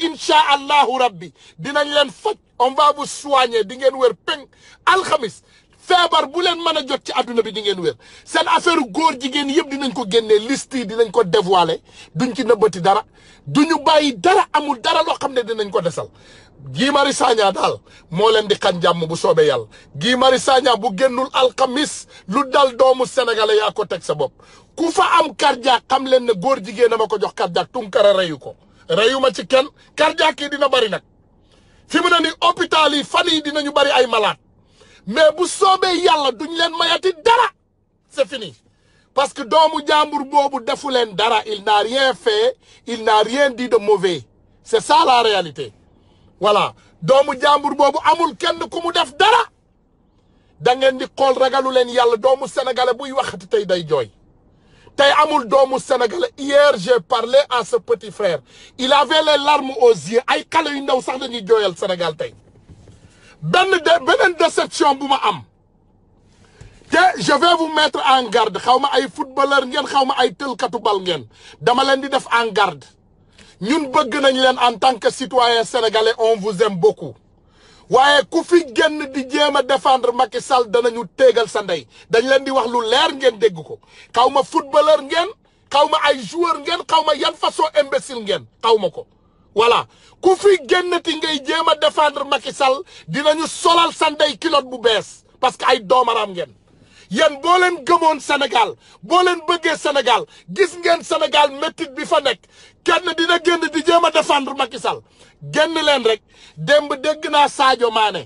incha allahu rabbi dinañ leen faj on va vous soigner di ngeen wér peng alxamis feebar bu leen mën a jot ci àdduna bi dingeen ngeen wér seen affaire góor jigéen yëpp dinañ ko génnee list yi dinañ ko dévoiler duñ ci nëbbati dara duñu bàyyi dara amul dara loo xam ne dinañ ko desal Guy mari Sagna daal moo leen di xan jàmm bu soobe yàlla gii mari Sagna bu génnul alxamis lu dal doomu sénégalais yaa ko teg sa bopp ku fa am cardiaque xam leen ne góor jigéen a ma ko jox cardiaque tunkara reyu ko reyuma ci kenn cardiaque yi dina bari nag fi mu ne nii hôpital yi fan yi dinañu bari ay malade mais bu soobee yàlla duñu leen may mayati dara c'est fini parce que doomu jàmbur boobu defu leen dara il n'a rien fait il n'a rien dit de mauvais c'est ça la réalité voilà doomu jàmbur boobu amul kenn ku mu def dara da ngeen di xool ragalu leen yàlla doomu sénégalais buy waxati tey day jooy tey amul Domou sénégalais hier j'ai parlé à ce petit frère il avait les larmes aux yeux ay xale yu ndaw sax dañuy jooyal Sénégal tay. ben, de beneen déception ma am te je vais vous mettre en garde xaw ma ay footballeur ngeen xaw ma ay tëlkatu bal ngeen dama di def en garde ñun bëgg nañ leen en tant que citoyen sénégalais on vous aime beaucoup waaye ku fi génn di jéem a défendre Macky Sall danañu téegal sa ndey dañ leen di wax lu leer ngeen dégg ko xaw ma footballeur ngeen xaw ma ay joueur ngeen xaw ma yan façon imbécile ngeen xaw ma ko voilà ku fi génnati ngay jéem a défendre Macky Sall dinañu solal sa ndey kilote bu bees parce que ay doomaraam ngeen yan boo leen gëmoon Sénégal boo leen bëggee Sénégal gis ngeen senegal métit bi fa nekk kenn dina génn di jëm a défendre Macky Sall génn leen rek démb dégg naa Sadio maane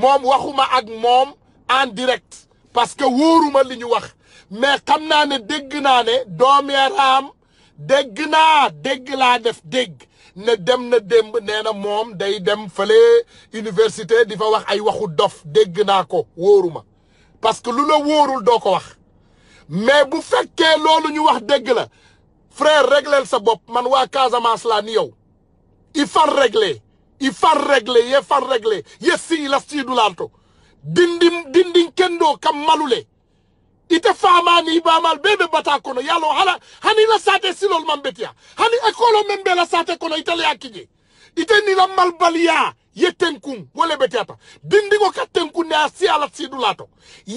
moom waxuma ak moom en direct parce que wóoruma li ñu wax mais xam naa ne dégg naa ne doomeeraam dégg naa dégg laa def dégg ne dem na démb nee na moom day dem fële université di fa wax ay waxu dof dégg naa ko wóoruma parce que nous la wóorul mais vous faites que ñu wax des la frère régler sa régler. man wa Casamance la ni yow Il faut régler, il Il régler, régler régler, il si dindin dindin kendo kam régler. Il mal Il bata no yalo hala hani la hani école mal yettenkun wole beteyata dindigo kattenkun ne a si laato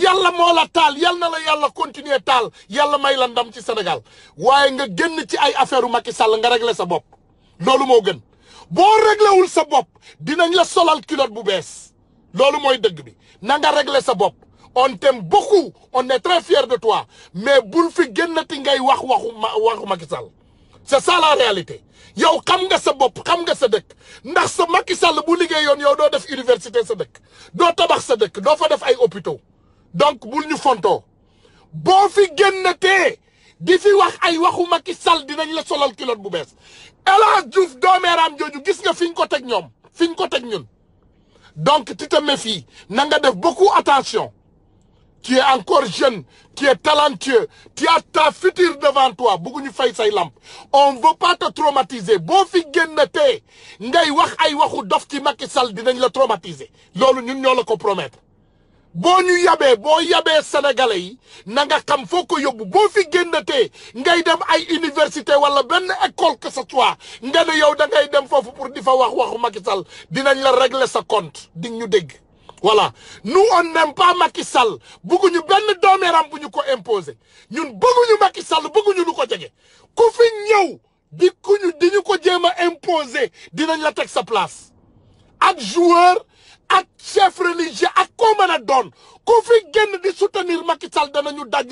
yàlla moo la taal yal na la yàlla continuer taal yalla may la ndam ci Sénégal waaye nga génn ci ay affaire Macky Sall nga régler sa bopp loolu moo gën boo réglewul sa bopp dinañ la solal culotte bu bees loolu mooy dëgg bi na nga sa bopp on t'aime beaucoup on est très fier de toi mais bul fi génnati ngay wax waxu waxu Macky Sall c'est ça la réalité yow xam nga sa bopp xam nga sa dëkk ndax sa Macky Sall bu yoon yow doo def université sa dëkk doo tabax sa dëkk doo fa def ay hôpitaux donc bul ñu fontoo boo fi génnatee di fi wax ay waxu Macky Sall dinañ la solal kilot bu bees El Hadj Diouf doomeeraam jooju gis nga fi ñu ko teg ñoom fi ñu ko teg ñun donc tu te méfies na nga def beaucoup attention tu es encore jeune, tu es talentueux, tu as ta future devant toi. Bëgguñu fay say lamp. On ne veut pas te traumatiser. Bon fi génnatee ngay wax ay waxu dof ci Macky Sall dinañ la traumatiser. Lolu ñun ñoo la ko promettre. boo ñu yabé, bo yabé sénégalais yi na nga xam foko ko Bo fi gennaté, ngay dem ay université wala ben école que ce soit nga ne yow da ngay dem fofu pour difa wax waxu Macky Sall dinañ la régler sa compte di ñu dégg. voilà nous on n'aime pas Macky Sall bëgguñu benn doomeeram bu ñu ko imposer ñun bëgguñu Macky Sall bëgguñu lu ko jege ku fi ñëw di kuñu di ñu ko jéem a imposer dinañ la teg sa place ak joueur ak chef religieux ak koo mën a doon ku fi génn di soutenir Macky Sall danañu daj